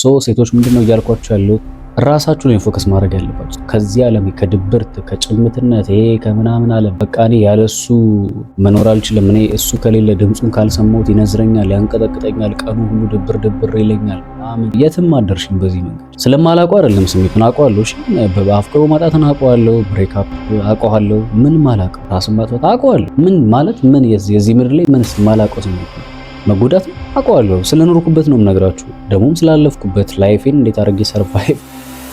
ሶ ሴቶች ምንድነው እያልኳቸው ያለው ራሳችሁ ላይ ፎከስ ማድረግ ያለባችሁ ከዚህ ዓለም ከድብርት ከጭምትነት ይሄ ከምናምን ዓለም በቃ እኔ ያለሱ መኖር አልችልም። እኔ እሱ ከሌለ ድምፁን ካልሰማሁት ይነዝረኛል፣ ያንቀጠቅጠኛል፣ ቀኑ ሁሉ ድብር ድብር ይለኛል ምናምን። የትም አደርሽኝ በዚህ መንገድ ስለማላውቀው አይደለም። ስሜቱን አውቀዋለሁ፣ አፍቅሮ ማጣትን አውቀዋለሁ፣ ብሬክአፕ አውቀዋለሁ። ምን ማላውቀው ራስን ማጥፋት አውቀዋለሁ። ምን ማለት ምን የዚህ ምድር ላይ ምን ማላውቀው ስሜት ነው መጎዳት አውቀዋለሁ። ስለኖርኩበት ነው የምነግራችሁ፣ ደግሞም ስላለፍኩበት ላይፌን እንዴት አድርጌ ሰርቫይቭ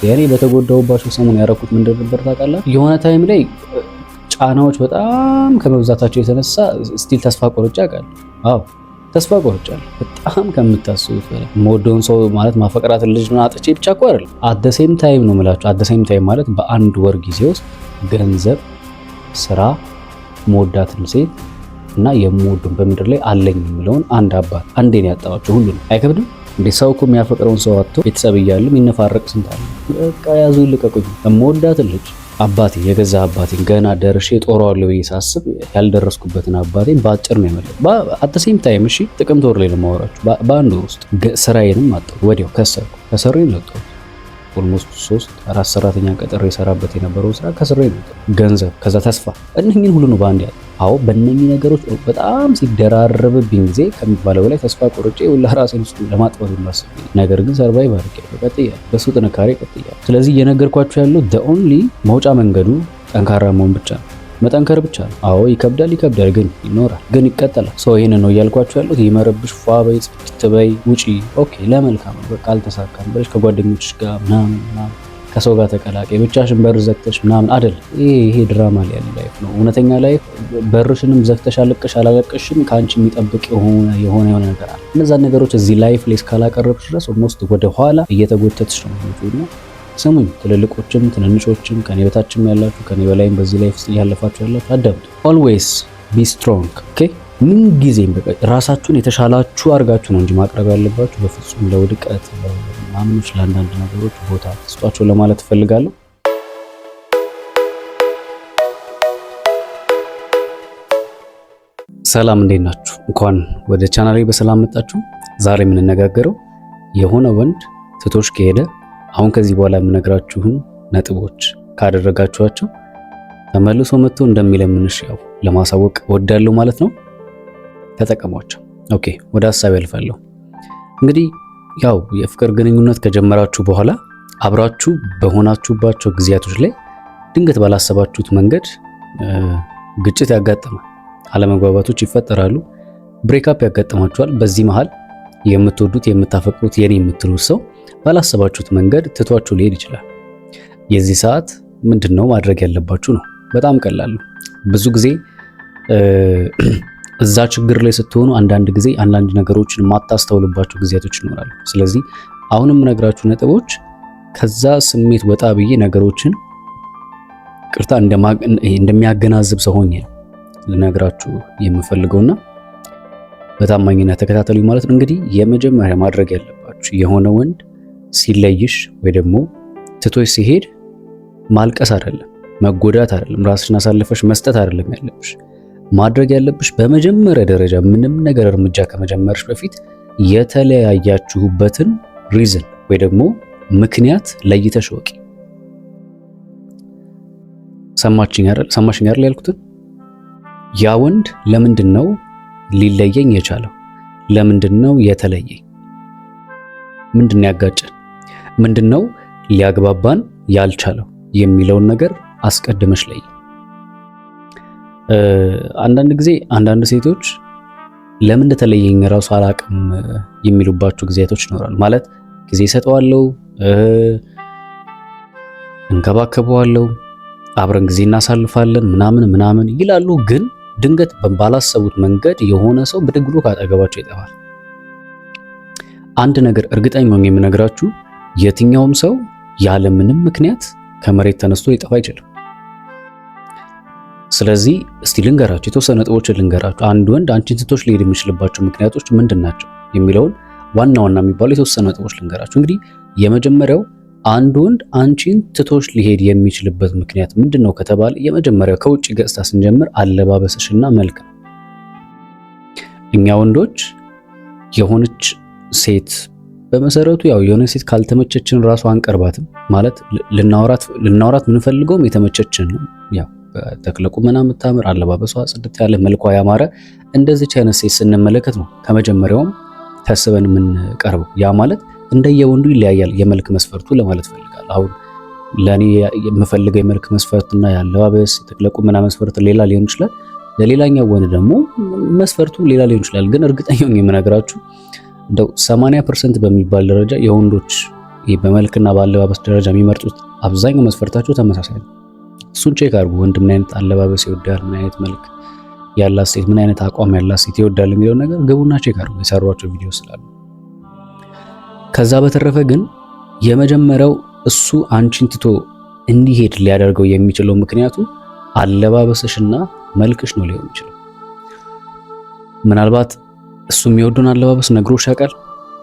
የኔ በተጎዳሁባቸው ሰሞን ያረኩት ምንድን ነበር ታውቃላችሁ? የሆነ ታይም ላይ ጫናዎች በጣም ከመብዛታቸው የተነሳ ስቲል ተስፋ ቆርጬ አውቃለሁ። አዎ ተስፋ ቆርጫለሁ። በጣም ከምታስቡት በላይ የምወደውን ሰው ማለት ማፈቅራትን ልጅ ነው አጥቼ ብቻ እኮ አይደለም። አደሴም ታይም ነው የምላችሁ። አደሴም ታይም ማለት በአንድ ወር ጊዜ ውስጥ ገንዘብ፣ ስራ፣ መወዳትን ሴት እና የምወዱን በምድር ላይ አለኝ የሚለውን አንድ አባት አንዴን ያጣዋቸው ሁሉ ነው። አይከብድም እንዴ? ሰው እኮ የሚያፈቅረውን ሰው አጥቶ ቤተሰብ እያሉ የሚነፋረቅ ስንት አለ። በቃ ያዙ ይልቀቁኝ። የምወዳት ልጅ አባቴ የገዛ አባቴን ገና ደርሼ ጦረዋለሁ ብዬ ሳስብ ያልደረስኩበትን አባቴን በአጭር ነው የመለስ አተሴም ታይም እሺ፣ ጥቅምት ወር ላይ ነው የማወራችሁ። በአንድ ወር ውስጥ ስራዬንም አጣሁ፣ ወዲያው ከሰርኩ። ከሰሩኝ ለጠ ኦልሞስት ሶስት አራት ሰራተኛ ቀጥሬ የሰራበት የነበረው ስራ ከስሬ ነው። ገንዘብ ከዛ ተስፋ እነኝን ሁሉ ነው በአንድ ያለ። አዎ በእነኚህ ነገሮች በጣም ሲደራረብብኝ ጊዜ ከሚባለው በላይ ተስፋ ቆርጬ ሁላ ራሴን ውስጥ ለማጥፋት ማስብ፣ ነገር ግን ሰርቫይቭ አድርጌ ቀጥያለሁ። በሱ ጥንካሬ ቀጥያለሁ። ስለዚህ እየነገርኳቸው ያለው ኦንሊ መውጫ መንገዱ ጠንካራ መሆን ብቻ ነው። መጠንከር ብቻ ነው። አዎ ይከብዳል፣ ይከብዳል፣ ግን ይኖራል፣ ግን ይቀጠላል። ሰው ይህን ነው እያልኳቸው ያሉት። ይመረብሽ፣ ፏ በይ፣ ጽድት በይ፣ ውጪ። ኦኬ ለመልካም ነው በቃ አልተሳካም ብለሽ ከጓደኞች ጋር ምናምን ምናምን ከሰው ጋር ተቀላቀይ፣ ብቻሽን በር ዘግተሽ ምናምን አደል። ይሄ ድራማ ላይ ያለ ላይፍ ነው። እውነተኛ ላይፍ በርሽንም ዘግተሽ አለቀሽ አላለቀሽም ከአንቺ የሚጠብቅ የሆነ የሆነ የሆነ ነገር አለ። እነዛን ነገሮች እዚህ ላይፍ ላይ እስካላቀረብሽ ድረስ ኦልሞስት ወደ ኋላ እየተጎተትሽ ነው እና ስሙኝ ትልልቆችም ትንንሾችም ከኔ በታችም ያላችሁ ከኔ በላይም በዚህ ላይፍ ውስጥ እያለፋችሁ ያላችሁ አዳምጡ። ኦልዌይስ ቢ ስትሮንግ ኦኬ። ምን ጊዜም ራሳችሁን የተሻላችሁ አድርጋችሁ ነው እንጂ ማቅረብ ያለባችሁ በፍጹም ለውድቀት ምናምኖች፣ ለአንዳንድ ነገሮች ቦታ ስጧቸው ለማለት እፈልጋለሁ። ሰላም እንዴት ናችሁ? እንኳን ወደ ቻናሌ በሰላም መጣችሁ። ዛሬ የምንነጋገረው የሆነ ወንድ ትቶሽ ከሄደ አሁን ከዚህ በኋላ የምነግራችሁን ነጥቦች ካደረጋችኋቸው ተመልሶ መጥቶ እንደሚለምንሽ ያው ለማሳወቅ እወዳለሁ ማለት ነው። ተጠቀሟቸው። ኦኬ፣ ወደ ሀሳብ ያልፋለሁ። እንግዲህ ያው የፍቅር ግንኙነት ከጀመራችሁ በኋላ አብራችሁ በሆናችሁባቸው ጊዜያቶች ላይ ድንገት ባላሰባችሁት መንገድ ግጭት ያጋጥማል፣ አለመግባባቶች ይፈጠራሉ፣ ብሬክአፕ ያጋጥማችኋል። በዚህ መሃል የምትወዱት የምታፈቅሩት የኔ የምትሉት ሰው ባላሰባችሁት መንገድ ትቷችሁ ሊሄድ ይችላል። የዚህ ሰዓት ምንድን ነው ማድረግ ያለባችሁ ነው። በጣም ቀላል። ብዙ ጊዜ እዛ ችግር ላይ ስትሆኑ አንዳንድ ጊዜ አንዳንድ ነገሮችን የማታስተውልባቸው ጊዜያቶች ይኖራሉ። ስለዚህ አሁን የምነግራችሁ ነጥቦች ከዛ ስሜት ወጣ ብዬ ነገሮችን ቅርታ እንደሚያገናዝብ ሰው ሆኜ ነው ልነግራችሁ የምፈልገውና በታማኝነት ተከታተሉኝ ማለት ነው። እንግዲህ የመጀመሪያ ማድረግ ያለባችሁ የሆነ ወንድ ሲለይሽ ወይ ደግሞ ትቶሽ ሲሄድ ማልቀስ አይደለም፣ መጎዳት አይደለም፣ ራስሽን አሳልፈሽ መስጠት አይደለም ያለብሽ። ማድረግ ያለብሽ በመጀመሪያ ደረጃ ምንም ነገር እርምጃ ከመጀመርሽ በፊት የተለያያችሁበትን ሪዝን ወይ ደግሞ ምክንያት ለይተሽ ወቂ። ሰማችኝ አይደል ያልኩትን? ያ ወንድ ለምንድን ነው ሊለየኝ የቻለው? ለምንድን ነው የተለየኝ? ምንድን ያጋጨን? ምንድን ነው ሊያግባባን ያልቻለው የሚለውን ነገር አስቀድመሽ ለይ። አንዳንድ ጊዜ አንዳንድ ሴቶች ለምን እንደተለየኝ ራሱ አላቅም የሚሉባቸው ጊዜያቶች ይኖራሉ። ማለት ጊዜ ሰጠዋለው፣ እንከባከበዋለው፣ አብረን ጊዜ እናሳልፋለን ምናምን ምናምን ይላሉ። ግን ድንገት ባላሰቡት መንገድ የሆነ ሰው ብድግ ካጠገባቸው ይጠፋል። አንድ ነገር እርግጠኛ ሆኜ የምነግራችሁ የትኛውም ሰው ያለምንም ምክንያት ከመሬት ተነስቶ ሊጠፋ አይችልም። ስለዚህ እስቲ ልንገራችሁ፣ የተወሰነ ነጥቦች ልንገራችሁ። አንድ ወንድ አንቺን ትቶሽ ሊሄድ የሚችልባቸው ምክንያቶች ምንድን ናቸው የሚለውን ዋና ዋና የሚባሉ የተወሰነ ነጥቦች ልንገራችሁ። እንግዲህ የመጀመሪያው አንድ ወንድ አንቺን ትቶሽ ሊሄድ የሚችልበት ምክንያት ምንድን ነው ከተባለ የመጀመሪያው ከውጭ ገጽታ ስንጀምር አለባበስሽና መልክ ነው። እኛ ወንዶች የሆነች ሴት በመሰረቱ ያው የሆነ ሴት ካልተመቸችን ራሱ አንቀርባትም ማለት ልናወራት ልናወራት የምንፈልገውም የተመቸችን ነው። ያው ተክለቁመና የምታምር አለባበሷ ጽድት ያለ መልኳ ያማረ እንደዚች አይነት ሴት ስንመለከት ነው ከመጀመሪያውም ተስበን የምንቀርበው። ያ ማለት እንደየወንዱ ይለያያል የመልክ መስፈርቱ ለማለት ፈልጋል። አሁን ለእኔ የምፈልገው የመልክ መስፈርትና የአለባበስ መና መስፈርት ሌላ ሊሆን ይችላል። ለሌላኛው ወንድ ደግሞ መስፈርቱ ሌላ ሊሆን ይችላል። ግን እርግጠኛ የምነግራችሁ እንደው 80% በሚባል ደረጃ የወንዶች በመልክና በአለባበስ ደረጃ የሚመርጡት አብዛኛው መስፈርታቸው ተመሳሳይ ነው። እሱን ቼክ አድርጉ። ወንድ ምን አይነት አለባበስ ይወዳል፣ ምን አይነት መልክ ያላት ሴት፣ ምን አይነት አቋም ያላት ሴት ይወዳል የሚለው ነገር ግቡና ቼክ አድርጉ። የሰሯቸው ቪዲዮ ስላሉ ከዛ በተረፈ ግን የመጀመሪያው እሱ አንቺን ትቶ እንዲሄድ ሊያደርገው የሚችለው ምክንያቱ አለባበስሽና መልክሽ ነው ሊሆን ይችላል ምናልባት እሱ የሚወዱን አለባበስ ነግሮሽ ያውቃል?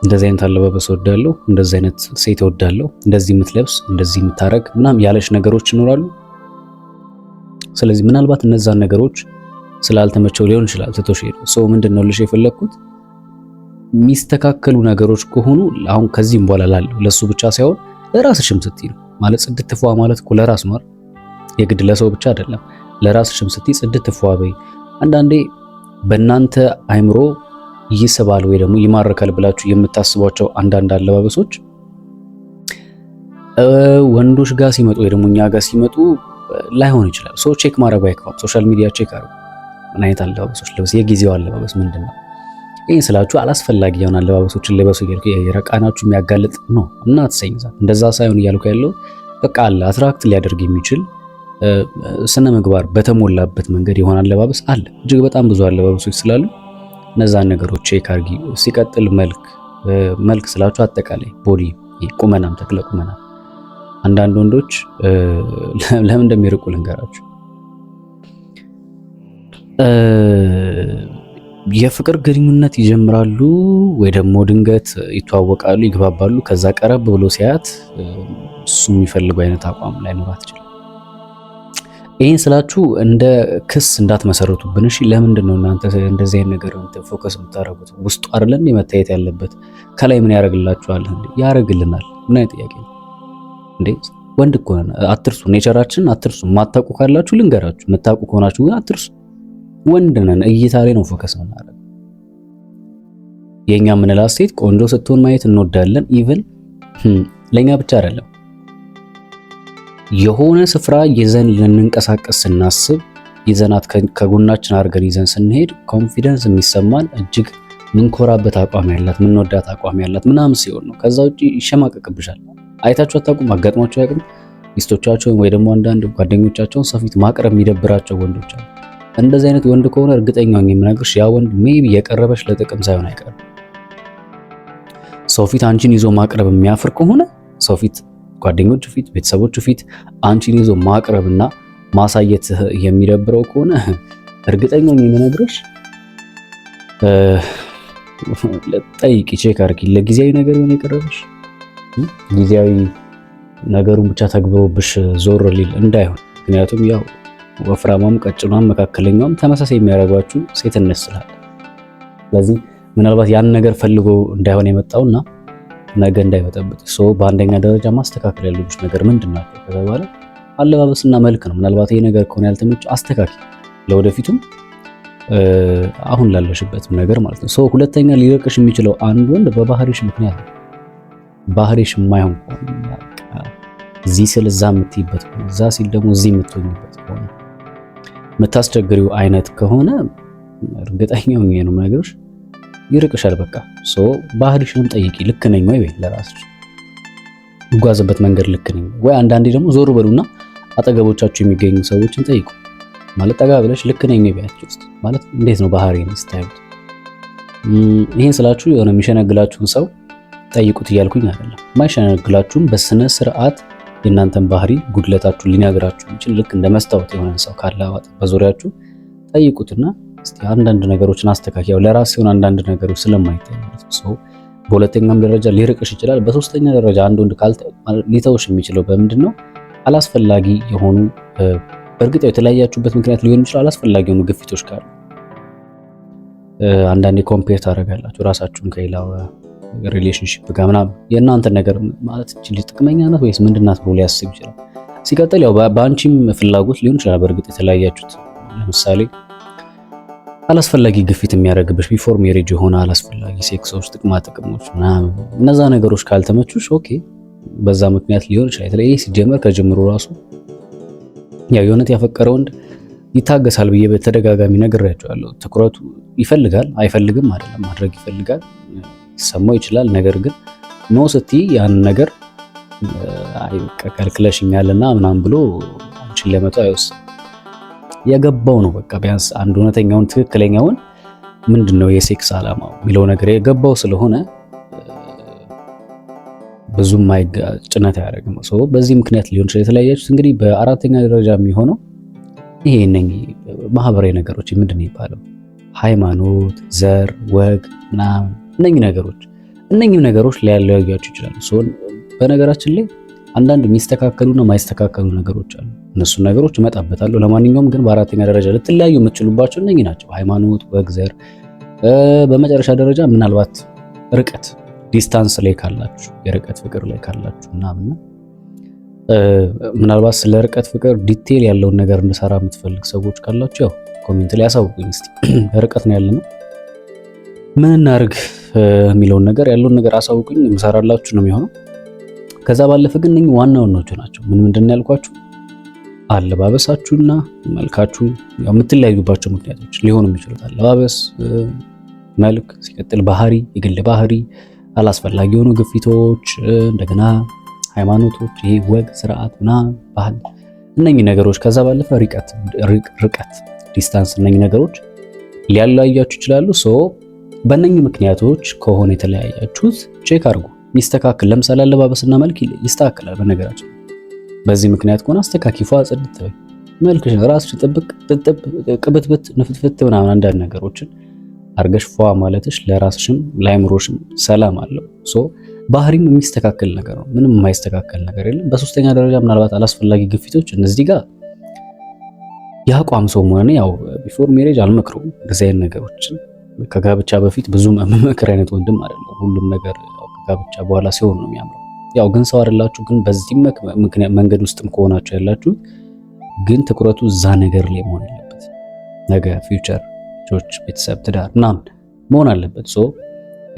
እንደዚህ አይነት አለባበስ እወዳለሁ፣ እንደዚህ አይነት ሴት እወዳለሁ፣ እንደዚህ የምትለብስ፣ እንደዚህ የምታረግ ምናምን ያለሽ ነገሮች ይኖራሉ። ስለዚህ ምናልባት እነዛን ነገሮች ስላልተመቸው ሊሆን ይችላል ትቶሽ ሄደ። ሰው ምንድን ነው ልሽ የፈለግኩት የሚስተካከሉ ነገሮች ከሆኑ አሁን ከዚህም በኋላ ላለው ለሱ ብቻ ሳይሆን ለራስሽም ስትይ ነው ማለት ጽድት ፏ ማለት እኮ ለራስ ነው የግድ ለሰው ብቻ አይደለም። ለራስሽም ስትይ ጽድት ፏ በይ። አንዳንዴ በእናንተ አይምሮ ይስባል ወይ ደግሞ ይማርካል ብላችሁ የምታስቧቸው አንዳንድ አለባበሶች ወንዶች ጋር ሲመጡ ወይ ደግሞ እኛ ጋር ሲመጡ ላይሆን ይችላል። ሶ ቼክ ማድረጉ አይከፋም። ሶሻል ሚዲያ ቼክ አድርጉ። ምን አይነት አለባበሶች ልብስ፣ የጊዜው አለባበስ ምንድን ነው? ይህን ስላችሁ አላስፈላጊ የሆነ አለባበሶችን ልበሱ እያልኩ የረቃናችሁ የሚያጋልጥ ነው እና አትሰኝዛ እንደዛ ሳይሆን እያልኩ ያለው በቃ አለ አትራክት ሊያደርግ የሚችል ስነ ምግባር በተሞላበት መንገድ የሆነ አለባበስ አለ። እጅግ በጣም ብዙ አለባበሶች ስላሉ እነዛን ነገሮች ቼክ ሲቀጥል መልክ መልክ ስላችሁ አጠቃላይ ቦዲ ቁመናም፣ ተክለ ቁመና። አንዳንድ ወንዶች ለምን እንደሚርቁ ልንገራችሁ። የፍቅር ግንኙነት ይጀምራሉ ወይ ደግሞ ድንገት ይተዋወቃሉ፣ ይግባባሉ። ከዛ ቀረብ ብሎ ሲያያት እሱ የሚፈልጉ አይነት አቋም ላይኖራት ይችላል። ይህን ስላችሁ እንደ ክስ እንዳትመሰረቱብን እሺ። ለምንድን ነው እናንተ እንደዚህ አይነት ነገር ፎከስ የምታደርጉት? ውስጡ አይደለም መታየት ያለበት። ከላይ ምን ያደርግላችኋል? ያደርግልናል። ምን አይነት ጥያቄ ነው እንዴ? ወንድ እኮ ነን። አትርሱ፣ ኔቸራችን አትርሱ። የማታውቁ ካላችሁ ልንገራችሁ፣ የምታውቁ ከሆናችሁ ግን አትርሱ። ወንድ ነን። እይታ ላይ ነው ፎከስ የምናደርገው። የእኛ የምንላት ሴት ቆንጆ ስትሆን ማየት እንወዳለን። ኢቨን ለእኛ ብቻ አይደለም የሆነ ስፍራ ይዘን ልንንቀሳቀስ ስናስብ ይዘናት ከጎናችን አድርገን ይዘን ስንሄድ ኮንፊደንስ የሚሰማን እጅግ ምንኮራበት አቋም ያላት ምንወዳት አቋም ያላት ምናምን ሲሆን ነው። ከዛ ውጭ ይሸማቀቅብሻል። አይታችሁ አታውቁም? አጋጥሟችሁ አያውቅም? ሚስቶቻቸውን ወይ ደግሞ አንዳንድ ጓደኞቻቸውን ሰው ፊት ማቅረብ የሚደብራቸው ወንዶች አሉ። እንደዚህ አይነት ወንድ ከሆነ እርግጠኛ ነኝ የምነግርሽ ያ ወንድ ሜቢ የቀረበሽ ለጥቅም ሳይሆን አይቀርም። ሰው ፊት አንቺን ይዞ ማቅረብ የሚያፍር ከሆነ ሰው ፊት ጓደኞቹ ፊት፣ ቤተሰቦቹ ፊት አንቺን ይዞ ማቅረብና ማሳየት የሚደብረው ከሆነ እርግጠኛ ነኝ የምነግርሽ ጠይቂ፣ ቼክ ለጊዜያዊ ነገር የሆነ የቀረበሽ ጊዜያዊ ነገሩን ብቻ ተግብሮብሽ ዞር ሊል እንዳይሆን። ምክንያቱም ያው ወፍራማም፣ ቀጭኗም፣ መካከለኛውም ተመሳሳይ የሚያደርጓችሁ ሴት እነስላል። ስለዚህ ምናልባት ያን ነገር ፈልጎ እንዳይሆን የመጣውና ነገ እንዳይበጠብጥ ሶ በአንደኛ ደረጃ ማስተካከል ያለብሽ ነገር ምንድን ናቸው ከተባለ አለባበስና መልክ ነው። ምናልባት ይህ ነገር ከሆነ ያልተመች አስተካክል፣ ለወደፊቱም አሁን ላለሽበትም ነገር ማለት ነው። ሶ ሁለተኛ ሊርቅሽ የሚችለው አንድ ወንድ በባህሪሽ ምክንያት ነው። ባህሪሽ የማይሆን ከሆነ እዚህ ስል እዛ የምትይበት ከሆነ እዛ ሲል ደግሞ እዚህ የምትሆኝበት ከሆነ የምታስቸግሪው አይነት ከሆነ እርግጠኛው ነው ነገሮች ይርቅሻል። በቃ ሶ ባህሪሽንም ጠይቂ። ልክ ነኝ ወይ ወይ ለራስሽ ጉጓዝበት መንገድ ልክ ነኝ ወይ? አንዳንዴ ደግሞ ዞር በሉና አጠገቦቻችሁ የሚገኙ ሰዎችን ጠይቁ። ማለት ጠጋ ብለሽ ልክ ነኝ ወይ ቢያችሁ ውስጥ ማለት እንዴት ነው ባህሪን ስታዩት። ይህን ስላችሁ የሆነ የሚሸነግላችሁን ሰው ጠይቁት እያልኩኝ አይደለም። የማይሸነግላችሁም በስነ ስርዓት የእናንተን ባህሪ ጉድለታችሁን ሊነግራችሁ የሚችል ልክ እንደ መስታወት የሆነን ሰው ካለ በዙሪያችሁ ጠይቁትና እስቲ አንዳንድ ነገሮችን አስተካክያው ለራስ ሲሆን አንዳንድ ነገሮች ስለማይታይ ማለት ነው። ሰው በሁለተኛም ደረጃ ሊርቅሽ ይችላል። በሶስተኛ ደረጃ አንድ ወንድ ሊተውሽ የሚችለው በምንድን ነው? አላስፈላጊ የሆኑ በእርግጥ የተለያያችሁበት ምክንያት ሊሆን ይችላል። አላስፈላጊ የሆኑ ግፊቶች ካሉ አንዳንዴ ኮምፔር ታደርጋላችሁ ራሳችሁን ከሌላ ሪሌሽንሽፕ ጋር ምናምን የእናንተን ነገር ማለት እችል ጥቅመኛ ወይስ ምንድናት ብሎ ሊያስብ ይችላል። ሲቀጥል ያው በአንቺም ፍላጎት ሊሆን ይችላል በእርግጥ የተለያያችሁት ለምሳሌ አላስፈላጊ ግፊት የሚያደርግብሽ ቢፎር ሜሬጅ የሆነ አላስፈላጊ ሴክሶች፣ ጥቅማ ጥቅሞች ምናምን እነዛ ነገሮች ካልተመቹሽ ኦኬ፣ በዛ ምክንያት ሊሆን ይችላል። የተለየ ሲጀመር ከጀምሮ ራሱ ያው የእውነት ያፈቀረ ወንድ ይታገሳል ብዬ በተደጋጋሚ ነግሬያቸዋለሁ። ትኩረቱ ይፈልጋል፣ አይፈልግም አይደለም፣ ማድረግ ይፈልጋል፣ ይሰማው ይችላል። ነገር ግን ኖ ስትይ ያን ነገር አይ በቃ ከልክለሽኛልና ምናምን ብሎ አንቺን ለመተው አይወስንም። የገባው ነው። በቃ ቢያንስ አንድ እውነተኛውን ትክክለኛውን ምንድን ነው የሴክስ ዓላማው የሚለው ነገር የገባው ስለሆነ ብዙም ጭነት አያደርግም። በዚህ ምክንያት ሊሆን ይችላል የተለያያችሁት። እንግዲህ በአራተኛ ደረጃ የሚሆነው ይሄ ማህበራዊ ነገሮች ምንድን ነው ይባለው ሃይማኖት፣ ዘር፣ ወግ ምናምን እነኚህ ነገሮች እነኚህ ነገሮች ሊያለያያችሁ ይችላል። በነገራችን ላይ አንዳንድ የሚስተካከሉና ማይስተካከሉ ነገሮች አሉ። እነሱን ነገሮች እመጣበታለሁ። ለማንኛውም ግን በአራተኛ ደረጃ ልትለያዩ የምትችሉባቸው እነኚህ ናቸው፣ ሃይማኖት፣ ወግ፣ ዘር። በመጨረሻ ደረጃ ምናልባት ርቀት ዲስታንስ ላይ ካላችሁ የርቀት ፍቅር ላይ ካላችሁ ምናምን ምናልባት ስለ ርቀት ፍቅር ዲቴል ያለውን ነገር እንድሰራ የምትፈልግ ሰዎች ካላችሁ ያው ኮሜንት ላይ ያሳውቁኝ። እስቲ ርቀት ነው ነው ምን እናርግ የሚለውን ነገር ያለውን ነገር አሳውቁኝ፣ የምሰራላችሁ ነው የሚሆነው። ከዛ ባለፈ ግን ዋና ዋናዎቹ ናቸው። ምን ምንድን ነው ያልኳችሁ አለባበሳችሁና መልካችሁ የምትለያዩባቸው ምክንያቶች ሊሆኑ የሚችሉት አለባበስ፣ መልክ፣ ሲቀጥል ባህሪ፣ የግል ባህሪ፣ አላስፈላጊ የሆኑ ግፊቶች፣ እንደገና ሃይማኖቶች፣ ይሄ ወግ ስርዓት ና ባህል እነኚህ ነገሮች፣ ከዛ ባለፈ ርቀት ርቀት ዲስታንስ፣ እነኚህ ነገሮች ሊያለያያችሁ ይችላሉ። ሶ በእነኚህ ምክንያቶች ከሆነ የተለያያችሁት ቼክ አድርጉ፣ ሚስተካከል። ለምሳሌ አለባበስና መልክ ይስተካከላል በነገራችን በዚህ ምክንያት ከሆነ አስተካኪ ፏ ጽድት በይ መልክሽ ራስሽ ጥብቅ ጥጥብ ቅብትብት ንፍትፍት ምናምን አንዳንድ ነገሮችን አርገሽ ፏ ማለትሽ ለራስሽም ለአይምሮሽም ሰላም አለው። ሶ ባህሪም የሚስተካከል ነገር ነው። ምንም የማይስተካከል ነገር የለም። በሶስተኛ ደረጃ ምናልባት አላስፈላጊ ግፊቶች እነዚህ ጋር የአቋም ሰው መሆኔ ያው ቢፎር ሜሬጅ አልመክረውም። እንደዚህ አይነት ነገሮችን ከጋብቻ በፊት ብዙ መመክር አይነት ወንድም አይደለም። ሁሉም ነገር ከጋብቻ በኋላ ሲሆን ነው የሚያምረው። ያው ግን ሰው አይደላችሁ፣ ግን በዚህ መንገድ ውስጥም ከሆናችሁ ያላችሁት ግን ትኩረቱ እዛ ነገር ላይ መሆን አለበት። ነገ ፊውቸር፣ ልጆች፣ ቤተሰብ፣ ትዳር ምናምን መሆን አለበት። ሶ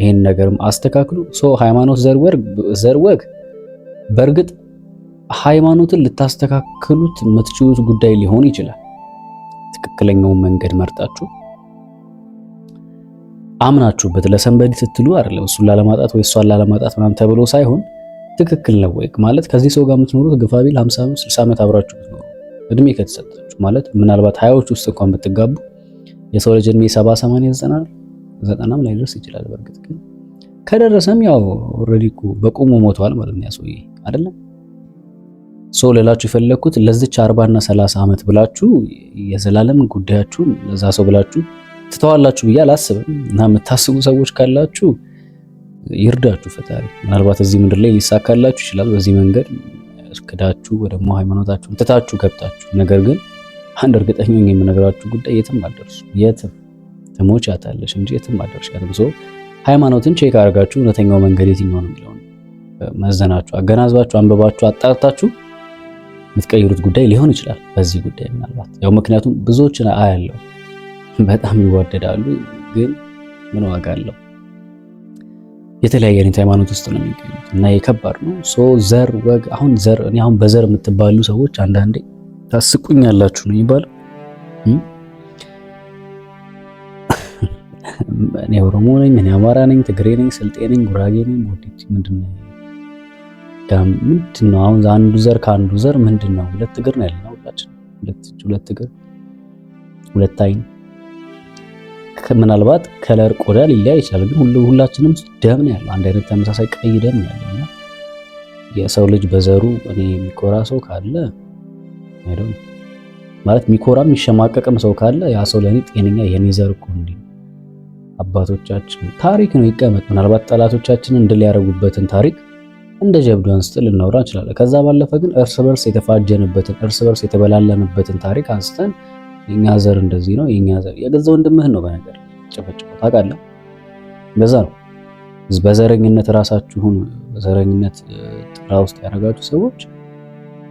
ይሄን ነገርም አስተካክሉ። ሶ ሃይማኖት ዘር ወግ በእርግጥ ሃይማኖትን ልታስተካክሉት የምትችሉት ጉዳይ ሊሆን ይችላል። ትክክለኛውን መንገድ መርጣችሁ አምናችሁበት ለሰንበዲ ስትሉ አይደለም እሱን ላለማጣት ወይ እሷን ላለማጣት ምናምን ተብሎ ሳይሆን ትክክል ነው ወይ ማለት ከዚህ ሰው ጋር የምትኖሩት ግፋ ቢል 50 60 ዓመት አብራችሁ ብትኖሩ እድሜ ከተሰጣችሁ ማለት ምናልባት ሀያዎች ውስጥ እንኳን ብትጋቡ የሰው ልጅ እድሜ 70 80 90 ዘጠናም ላይ ደርስ ይችላል። በእርግጥ ግን ከደረሰም ያው ኦልሬዲ እኮ በቁሙ ሞቷል ማለት ነው ያ ሰውዬ አይደለም። ሰው ልላችሁ የፈለግኩት ለዚች 40 እና 30 ዓመት ብላችሁ የዘላለም ጉዳያችሁን ለዛ ሰው ብላችሁ ትተዋላችሁ ብዬ አላስብም እና የምታስቡ ሰዎች ካላችሁ ይርዳችሁ ፈጣሪ። ምናልባት እዚህ ምድር ላይ ሊሳካላችሁ ይችላል። በዚህ መንገድ እርክዳችሁ ደግሞ ሃይማኖታችሁን ትታችሁ ገብታችሁ፣ ነገር ግን አንድ እርግጠኛ የምነግራችሁ ጉዳይ የትም አደርሱ የትም ትሞች ያታለሽ እንጂ የትም አደርሽ ሰው ሃይማኖትን ቼክ አድርጋችሁ እውነተኛው መንገድ የትኛው ነው የሚለውን መዘናችሁ፣ አገናዝባችሁ፣ አንበባችሁ፣ አጣርታችሁ የምትቀይሩት ጉዳይ ሊሆን ይችላል። በዚህ ጉዳይ ምናልባት ያው ምክንያቱም ብዙዎችን አያለው በጣም ይወደዳሉ፣ ግን ምን ዋጋ አለው? የተለያየ አይነት ሃይማኖት ውስጥ ነው የሚገኙት እና የከባድ ነው። ሶ ዘር ወግ አሁን ዘር እኔ አሁን በዘር የምትባሉ ሰዎች አንዳንዴ ታስቁኝ ያላችሁ ነው የሚባለው። እኔ ኦሮሞ ነኝ፣ እኔ አማራ ነኝ፣ ትግሬ ነኝ፣ ስልጤ ነኝ፣ ጉራጌ ነኝ፣ ወዴት ምንድን ነው ነው አሁን አንዱ ዘር ከአንዱ ዘር ምንድን ነው? ሁለት እግር ነው ያለን ሁላችን፣ ሁለት እጅ፣ ሁለት እግር፣ ሁለት አይን ምናልባት ከለር ቆዳ ሊለያይ ይችላል፣ ግን ሁላችንም ደም ነው ያለው፣ አንድ አይነት ተመሳሳይ ቀይ ደም ነው ያለው እና የሰው ልጅ በዘሩ እኔ የሚኮራ ሰው ካለ አይደል ማለት ሚኮራ የሚሸማቀቅም ሰው ካለ ያ ሰው ለእኔ ጤነኛ የኔ ዘር እኮ እንዲ አባቶቻችን ታሪክ ነው ይቀመጥ። ምናልባት ጠላቶቻችንን እንድል ያደረጉበትን ታሪክ እንደ ጀብዱ አንስተ ልናወራ እንችላለን። ከዛ ባለፈ ግን እርስ በርስ የተፋጀንበትን እርስ በርስ የተበላለንበትን ታሪክ አንስተን የኛ ዘር እንደዚህ ነው፣ የኛ ዘር የገዛ ወንድምህን ነው በነገር ጨፈጭፎ ታውቃለህ። በዛ ነው በዘረኝነት ራሳችሁን በዘረኝነት ጥላ ውስጥ ያደረጋችሁ ሰዎች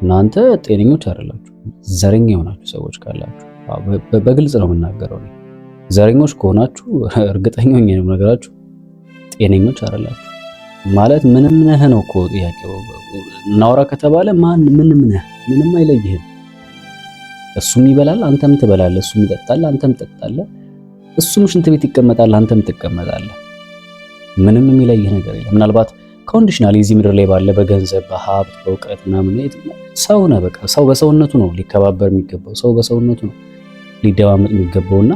እናንተ ጤነኞች አይደላችሁ። ዘረኛ የሆናችሁ ሰዎች ካላችሁ በግልጽ ነው የምናገረው። ዘረኞች ከሆናችሁ እርግጠኛ ነው ነገራችሁ፣ ጤነኞች አይደላችሁ። ማለት ምንም ነህ ነው እኮ ጥያቄው። እናውራ ከተባለ ማን ምንም ነህ ምንም አይለይህም። እሱም ይበላል፣ አንተም ትበላለህ። እሱም ይጠጣል፣ አንተም ትጠጣለህ። እሱም ሽንት ቤት ይቀመጣል፣ አንተም ትቀመጣለህ። ምንም የሚለይህ ነገር የለም። ምናልባት ኮንዲሽናል የዚህ ምድር ላይ ባለ በገንዘብ በሀብት በእውቀት ምናምን ሰው ነህ። በቃ ሰው በሰውነቱ ነው ሊከባበር የሚገባው ሰው በሰውነቱ ነው ሊደማመጥ የሚገባውና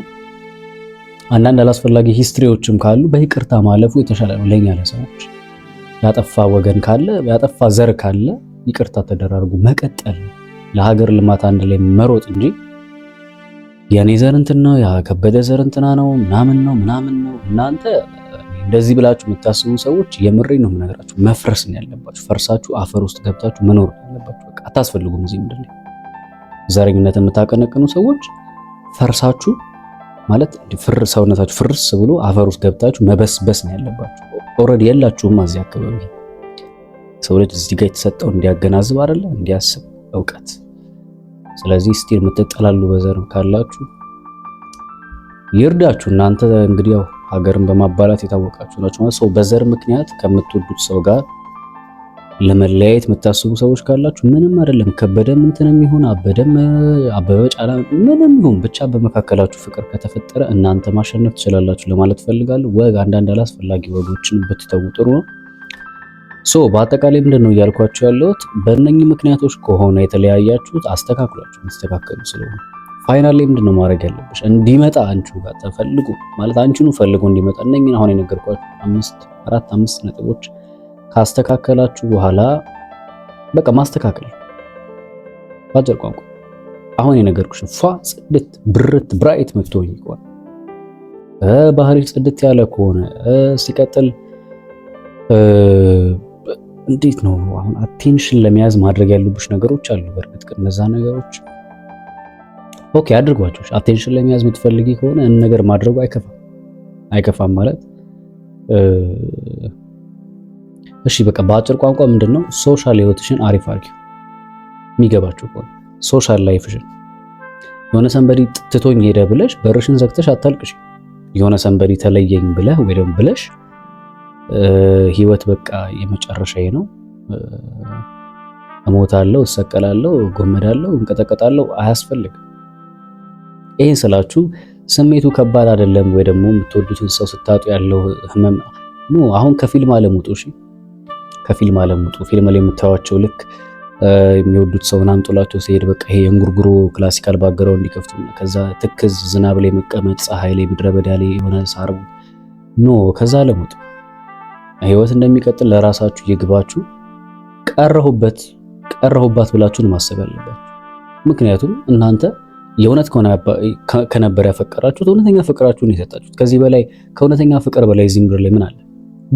አንዳንድ አላስፈላጊ ሂስትሪዎችም ካሉ በይቅርታ ማለፉ የተሻለ ነው ለኛ ለሰዎች። ያጠፋ ወገን ካለ ያጠፋ ዘር ካለ ይቅርታ ተደራርጉ መቀጠል ነው። ለሀገር ልማት አንድ ላይ መሮጥ እንጂ የኔ ዘር ነው ያ ከበደ ነው ምናምን ነው ምናምን ነው። እናንተ እንደዚህ ብላችሁ የምታስቡ ሰዎች የምሬ ነው የምነግራችሁ፣ መፍረስ ነው ያለባችሁ። ፈርሳችሁ አፈር ውስጥ ገብታችሁ መኖር ያለባችሁ። በቃ አታስፈልጉም እዚህ ምድር ላይ። ዘረኝነት የምታቀነቅኑ ሰዎች ፈርሳችሁ ማለት ፍር ሰውነታችሁ ፍርስ ብሎ አፈር ውስጥ ገብታችሁ መበስበስ ነው ያለባችሁ። ኦልሬዲ የላችሁም እዚህ አካባቢ ሰው ልጅ እዚህ ጋር የተሰጠው እንዲያገናዝብ አይደለ እንዲያስብ እውቀት ስለዚህ ስቲል የምትጠላሉ በዘር ካላችሁ ይርዳችሁ። እናንተ እንግዲህ ያው ሀገርን በማባላት የታወቃችሁ ናችሁ ማለት ሰው በዘር ምክንያት ከምትወዱት ሰው ጋር ለመለያየት የምታስቡ ሰዎች ካላችሁ ምንም አይደለም። ከበደም እንትንም ይሁን አበደም አበበ ጫላ ምንም ይሁን ብቻ በመካከላችሁ ፍቅር ከተፈጠረ እናንተ ማሸነፍ ትችላላችሁ ለማለት ፈልጋለሁ። ወግ አንዳንድ አላስፈላጊ ወጎችን ብትተዉ ጥሩ ነው። ሶ በአጠቃላይ ምንድን ነው እያልኳችሁ ያለሁት በእነኚህ ምክንያቶች ከሆነ የተለያያችሁት አስተካክሏችሁ የምትስተካከሉ ስለሆነ ፋይናል ላይ ምንድነው ማድረግ ያለብሽ እንዲመጣ አንቺ ጋር ተፈልጉ ማለት አንቺኑ ፈልጉ እንዲመጣ እነኝን አሁን የነገርኳችሁ አምስት አራት አምስት ነጥቦች ካስተካከላችሁ በኋላ በቃ ማስተካከል ባጭር ቋንቋ አሁን የነገርኩ ፏ ጽድት ብርት ብራይት ምትሆኝ ይቋል ባህሪ ጽድት ያለ ከሆነ ሲቀጥል እንዴት ነው አሁን አቴንሽን ለመያዝ ማድረግ ያሉብሽ ነገሮች አሉ። በእርግጥ እነዛ ነገሮች ኦኬ አድርጓቸው። አቴንሽን ለመያዝ የምትፈልጊ ከሆነ እን ነገር ማድረጉ አይከፋም። አይከፋም ማለት እሺ በቃ በአጭር ቋንቋ ምንድነው ሶሻል ህይወትሽን አሪፍ አድርጊው። የሚገባቸው ከሆነ ሶሻል ላይፍሽን የሆነ ሰንበዲ ትቶኝ ሄደ ብለሽ በርሽን ዘግተሽ አታልቅሽ። የሆነ ሰንበዲ ተለየኝ ብለህ ወይ ደግሞ ብለሽ ህይወት በቃ የመጨረሻዬ ነው፣ እሞታለሁ፣ እሰቀላለሁ፣ እጎመዳለሁ፣ እንቀጠቀጣለሁ አያስፈልግም። ይህን ስላችሁ ስሜቱ ከባድ አይደለም ወይ? ደግሞ የምትወዱትን ሰው ስታጡ ያለው ህመም ኖ። አሁን ከፊልም ዓለም ውጡ፣ እሺ፣ ከፊልም ዓለም ውጡ። ፊልም ላይ የምታዩዋቸው ልክ የሚወዱት ሰው ሰውን አንጡላቸው ሲሄድ በቃ ይሄ የእንጉርጉሮ ክላሲካል ባገረው እንዲከፍቱ ከዛ ትክዝ ዝናብ ላይ መቀመጥ፣ ፀሐይ ላይ፣ ምድረ በዳ ላይ የሆነ ሳር ኖ፣ ከዛ ዓለም ውጡ። ህይወት እንደሚቀጥል ለራሳችሁ እየግባችሁ ቀረሁበት ቀረሁባት ብላችሁን ማሰብ ያለባችሁ። ምክንያቱም እናንተ የእውነት ከነበረ ያፈቀራችሁት እውነተኛ ፍቅራችሁን የሰጣችሁት። ከዚህ በላይ ከእውነተኛ ፍቅር በላይ እዚህ ምድር ላይ ምን አለ?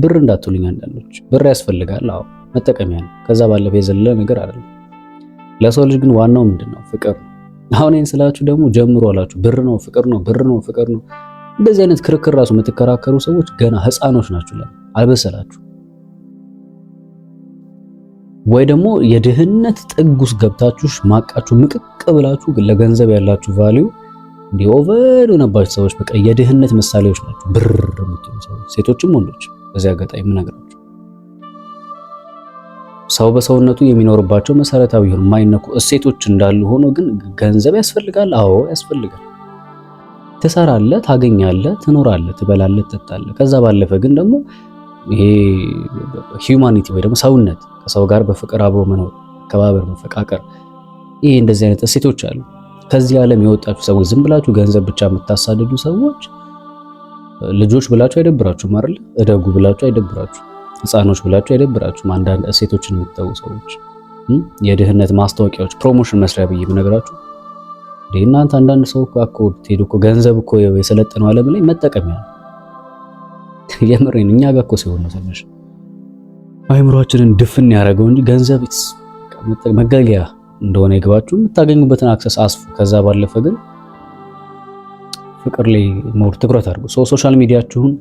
ብር እንዳትሉኝ አንዳንዶች። ብር ያስፈልጋል፣ አዎ መጠቀሚያ ነው። ከዛ ባለፈ የዘለለ ነገር አይደለም። ለሰው ልጅ ግን ዋናው ምንድን ነው? ፍቅር ነው። አሁን ይህን ስላችሁ ደግሞ ጀምሮ አላችሁ ብር ነው ፍቅር ነው ብር ነው ፍቅር ነው። እንደዚህ አይነት ክርክር ራሱ የምትከራከሩ ሰዎች ገና ህፃኖች ናችሁ። አልበሰላችሁ ወይ ደግሞ የድህነት ጥግ ውስጥ ገብታችሁ ማቃችሁ ምቅቅ ብላችሁ ለገንዘብ ያላችሁ ቫልዩ እንዲ ኦቨር የሆነባችሁ ሰዎች በቃ የድህነት ምሳሌዎች ናቸው። ብር የምትሉ ሰዎች ሴቶችም ወንዶች በዚህ አጋጣሚ የምነግራቸው ሰው በሰውነቱ የሚኖርባቸው መሰረታዊ የሆኑ የማይነኩ እሴቶች እንዳሉ ሆኖ ግን ገንዘብ ያስፈልጋል። አዎ ያስፈልጋል። ትሰራለህ፣ ታገኛለህ፣ ትኖራለህ፣ ትበላለህ፣ ትጠጣለህ። ከዛ ባለፈ ግን ደግሞ ይሄ ሂዩማኒቲ ወይ ደግሞ ሰውነት ከሰው ጋር በፍቅር አብሮ መኖር፣ መከባበር፣ መፈቃቀር ይሄ እንደዚህ አይነት እሴቶች አሉ። ከዚህ ዓለም የወጣችሁ ሰዎች ዝም ብላችሁ ገንዘብ ብቻ የምታሳድዱ ሰዎች ልጆች ብላችሁ አይደብራችሁም አይደል? እደጉ ብላችሁ አይደብራችሁ፣ ህፃኖች ብላችሁ አይደብራችሁም። አንዳንድ እሴቶችን የምትተዉ ሰዎች የድህነት ማስታወቂያዎች ፕሮሞሽን መስሪያ ብዬ የምነግራችሁ እናንተ አንዳንድ ሰው እኮ ሄዶ ገንዘብ እኮ የሰለጠነው ዓለም ላይ መጠቀሚያ ነው። የምሬን እኛ ጋር እኮ ሲሆን ነው ትንሽ አይምሮአችንን ድፍን ያደረገው እንጂ ገንዘብ መገልገያ እንደሆነ ይግባችሁ። የምታገኙበትን አክሰስ አስፉ። ከዛ ባለፈ ግን ፍቅር ላይ ሞር ትኩረት አድርጉ። ሶ ሶሻል ሚዲያችሁን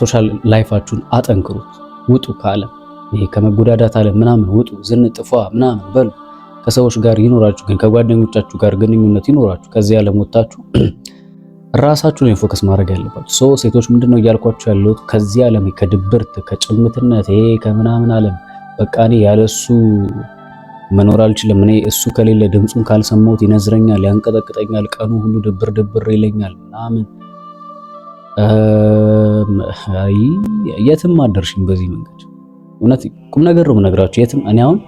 ሶሻል ላይፋችሁን አጠንክሩት። ውጡ ከዓለም ይሄ ከመጎዳዳት አለ ምናምን ውጡ። ዝንጥፏ ምናምን በሉ። ከሰዎች ጋር ይኖራችሁ ግን ከጓደኞቻችሁ ጋር ግንኙነት ይኖራችሁ ከዚህ ዓለም ወጣችሁ ራሳችሁ ላይ ፎከስ ማድረግ ያለባችሁ። ሶ ሴቶች ምንድነው እያልኳቸው ያለሁት ከዚህ ዓለም ከድብርት ከጭምትነት ይሄ ከምናምን ዓለም በቃ እኔ ያለሱ መኖር አልችልም፣ እኔ እሱ ከሌለ ድምፁን ካልሰማሁት ይነዝረኛል፣ ያንቀጠቅጠኛል፣ ቀኑ ሁሉ ድብር ድብር ይለኛል ምናምን የትም አደርሽኝ። በዚህ መንገድ እውነት ቁም ነገር ነው የምነግራችሁ። የትም እኔ አሁን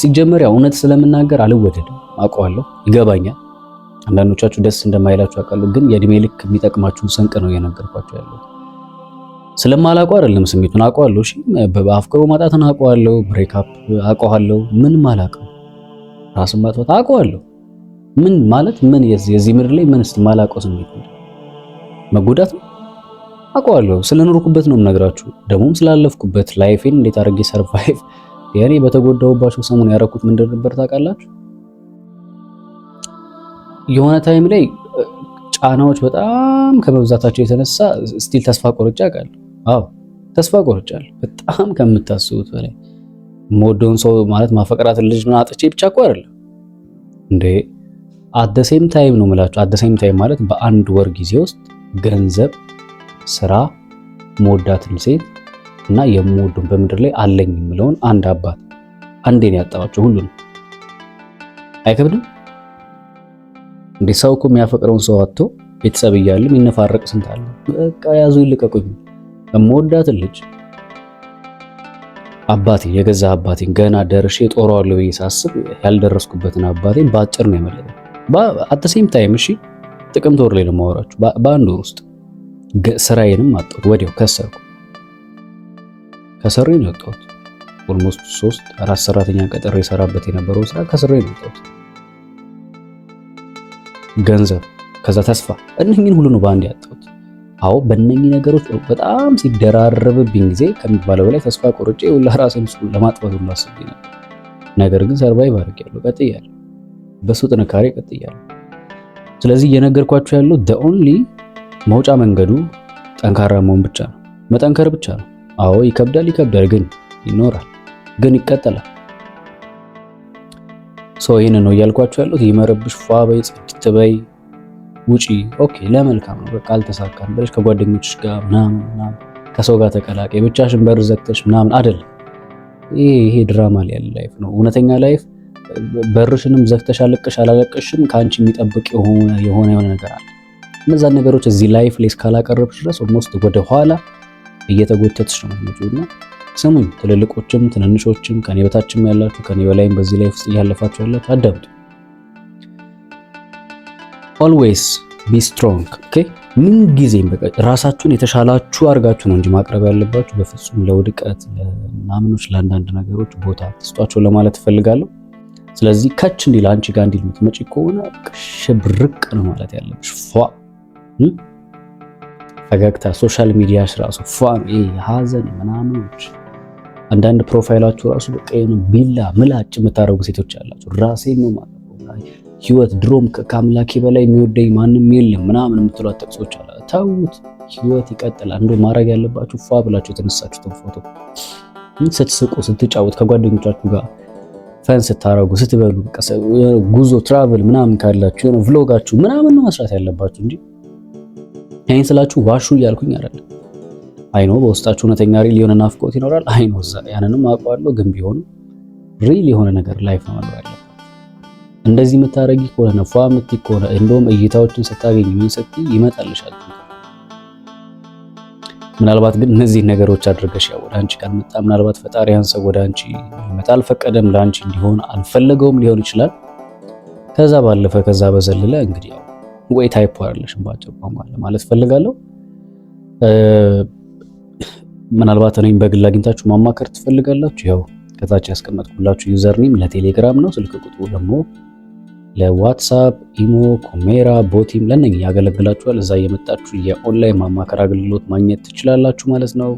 ሲጀመር ያው እውነት ስለምናገር አልወደድም፣ አውቀዋለሁ፣ ይገባኛል አንዳንዶቻችሁ ደስ እንደማይላችሁ አውቃለሁ፣ ግን የእድሜ ልክ የሚጠቅማችሁን ስንቅ ነው እየነገርኳችሁ ያለው። ስለማላውቀው አይደለም፣ ስሜቱን አውቀዋለሁ። እሺ፣ በአፍቅሮ ማጣትን አውቀዋለሁ፣ ብሬክአፕ አውቀዋለሁ። ምን ማላውቀው ራስን ማጥፋት አውቀዋለሁ። ምን ማለት ምን የዚህ ምድር ላይ ምንስ ማላውቀው ስሜት መጎዳት ነው አውቀዋለሁ። ስለኖርኩበት ነው የምነግራችሁ፣ ደግሞም ስላለፍኩበት ላይፌን እንዴት አድርጌ ሰርቫይቭ። የኔ በተጎዳውባቸው ሰሞን ያደረኩት ምንድን ነበር ታውቃላችሁ? የሆነ ታይም ላይ ጫናዎች በጣም ከመብዛታቸው የተነሳ ስቲል ተስፋ ቆርጫ ቃል አዎ ተስፋ ቆርጫል። በጣም ከምታስቡት በላይ የምወደውን ሰው ማለት ማፈቀራትን ልጅ ምን አጥቼ ብቻ እኮ አይደለም እንዴ አደሴም ታይም ነው የምላቸው። አደሴም ታይም ማለት በአንድ ወር ጊዜ ውስጥ ገንዘብ፣ ስራ፣ መወዳትን ሴት እና የምወዱን በምድር ላይ አለኝ የምለውን አንድ አባት አንዴን ያጣዋቸው ሁሉ ሁሉንም። አይከብድም? እንዴ ሰው እኮ የሚያፈቅረውን ሰው አጥቶ ቤተሰብ እያለ የሚነፋረቅ ስንት አለ። በቃ ያዙ ይልቀቁኝ። የምወዳት ልጅ አባቴ የገዛ አባቴን ገና ደርሼ ጦረዋለሁ ብዬ ሳስብ ያልደረስኩበትን አባቴን በአጭር ነው የመለጠው። አተሴም ታይም እሺ፣ ጥቅምት ወር ላይ ለማወራችሁ በአንድ ወር ውስጥ ስራዬንም አጣሁት። ወዲያው ከሰርኩ። ከሰሬ ነው የወጣሁት። ኦልሞስት ሶስት አራት ሰራተኛ ቀጥሬ የሰራበት የነበረው ስራ ከስሬ ነው የወጣሁት። ገንዘብ፣ ከዛ ተስፋ፣ እነኝን ሁሉ ነው በአንድ ያጣሁት። አዎ በእነኚህ ነገሮች በጣም ሲደራረብብኝ ጊዜ ከሚባለው በላይ ተስፋ ቆርጬ ሁላ ራሴን ሱ ለማጥፋት ሁላ አስቤ ነበር። ነገር ግን ሰርቫይቭ አድርጌያለሁ፣ ቀጥያለሁ፣ በሱ ጥንካሬ ቀጥያለሁ። ስለዚህ እየነገርኳችሁ ያለው the only መውጫ መንገዱ ጠንካራ መሆን ብቻ ነው፣ መጠንከር ብቻ ነው። አዎ ይከብዳል፣ ይከብዳል፣ ግን ይኖራል፣ ግን ይቀጠላል። ሰው ይህን ነው እያልኳችሁ ያሉት ይመረብሽ፣ ፏ በይ፣ ጽድት በይ፣ ውጪ። ኦኬ ለመልካም ነው በቃ አልተሳካም ብለሽ ከጓደኞችሽ ጋር ምናምን ምናምን ከሰው ጋር ተቀላቀ ብቻሽን በር ዘግተሽ ምናምን አይደለም። ይሄ ይሄ ድራማ ላይ ያለ ላይፍ ነው። እውነተኛ ላይፍ በርሽንም ዘግተሽ አለቀሽ አላለቀሽም ከአንቺ የሚጠብቅ የሆነ የሆነ ነገር አለ። እነዛን ነገሮች እዚህ ላይፍ ላይ እስካላቀረብሽ ድረስ ኦልሞስት ወደ ኋላ እየተጎተትሽ ነው። ስሙኝ፣ ትልልቆችም ትንንሾችም፣ ከኔ በታችም ያላችሁ ከኔ በላይም በዚህ ላይ ውስጥ እያለፋችሁ ያላችሁ አዳምጡ። ኦልዌይስ ቢ ስትሮንግ ኦኬ። ምን ጊዜም በቃ ራሳችሁን የተሻላችሁ አድርጋችሁ ነው እንጂ ማቅረብ ያለባችሁ። በፍጹም ለውድቀት ለምናምኖች፣ ለአንዳንድ ነገሮች ቦታ ትስጧቸው ለማለት እፈልጋለሁ። ስለዚህ ከች እንዲል አንቺ ጋር እንዲል የምትመጪ ከሆነ ሽብርቅ ነው ማለት ያለብሽ። ፏ ፈገግታ፣ ሶሻል ሚዲያ ስራ ፏ ሀዘን ምናምኖች አንዳንድ ፕሮፋይላችሁ ራሱ በቃ የሆነ ቢላ ምላጭ የምታደርጉ ሴቶች አላችሁ። ራሴ ነው ማለት ህይወት ድሮም ከአምላኬ በላይ የሚወደኝ ማንም የለም ምናምን የምትሏት ጥቅሶች አለ። ተውት፣ ህይወት ይቀጥላል። እንዶ ማድረግ ያለባችሁ ፏ ብላችሁ የተነሳችሁትን ፎቶ ስትስቁ፣ ስትጫወት፣ ከጓደኞቻችሁ ጋር ፈን ስታረጉ፣ ስትበሉ፣ ጉዞ ትራቭል ምናምን ካላችሁ የሆነ ቭሎጋችሁ ምናምን ነው መስራት ያለባችሁ እንጂ ይህን ስላችሁ ዋሹ እያልኩኝ አይደለም። አይኖ በውስጣችሁ እውነተኛ ሪል የሆነ ናፍቆት ይኖራል። አይኖ ያንንም አውቀዋለሁ። ግን ቢሆንም ሪል የሆነ ነገር ላይፍ ነው መኖር ያለብህ። እንደዚህ የምታረጊ ከሆነ ፏ የምትይ ከሆነ እንደውም እይታዎችን ስታገኝ ምን ስትይ ይመጣልሻል። ምናልባት ግን እነዚህ ነገሮች አድርገሽ ያው ወደ አንቺ ካልመጣ ምናልባት ፈጣሪ ያን ሰው ወደ አንቺ መጣ አልፈቀደም፣ ለአንቺ እንዲሆን አልፈለገውም ሊሆን ይችላል። ከዛ ባለፈ ከዛ በዘለለ እንግዲህ ያው ወይ ታይፖ አይደለሽም ባጭሩ ማለት ፈልጋለሁ። ምናልባት እኔም በግል አግኝታችሁ ማማከር ትፈልጋላችሁ፣ ያው ከታች ያስቀመጥኩላችሁ ዩዘርኔም ለቴሌግራም ነው። ስልክ ቁጥሩ ደግሞ ለዋትሳፕ፣ ኢሞ፣ ኮሜራ፣ ቦቲም ለነኝ ያገለግላችኋል። እዛ የመጣችሁ የኦንላይን ማማከር አገልግሎት ማግኘት ትችላላችሁ ማለት ነው።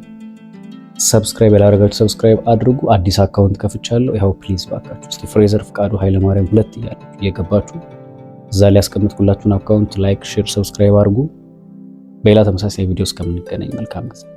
ሰብስክራይብ ያላደረጋችሁ ሰብስክራይብ አድርጉ። አዲስ አካውንት ከፍቻለሁ። ያው ፕሊዝ ባካችሁ እስቲ ፍሬዘር ፍቃዱ ኃይለማርያም ሁለት እያለ እየገባችሁ እዛ ላይ ያስቀምጥኩላችሁን አካውንት ላይክ፣ ሼር፣ ሰብስክራይብ አድርጉ። በሌላ ተመሳሳይ ቪዲዮ እስከምንገናኝ መልካም ጊዜ